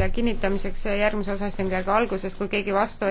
välja kinnitamiseks järgmise osaistungjärgu alguses, kui keegi vastu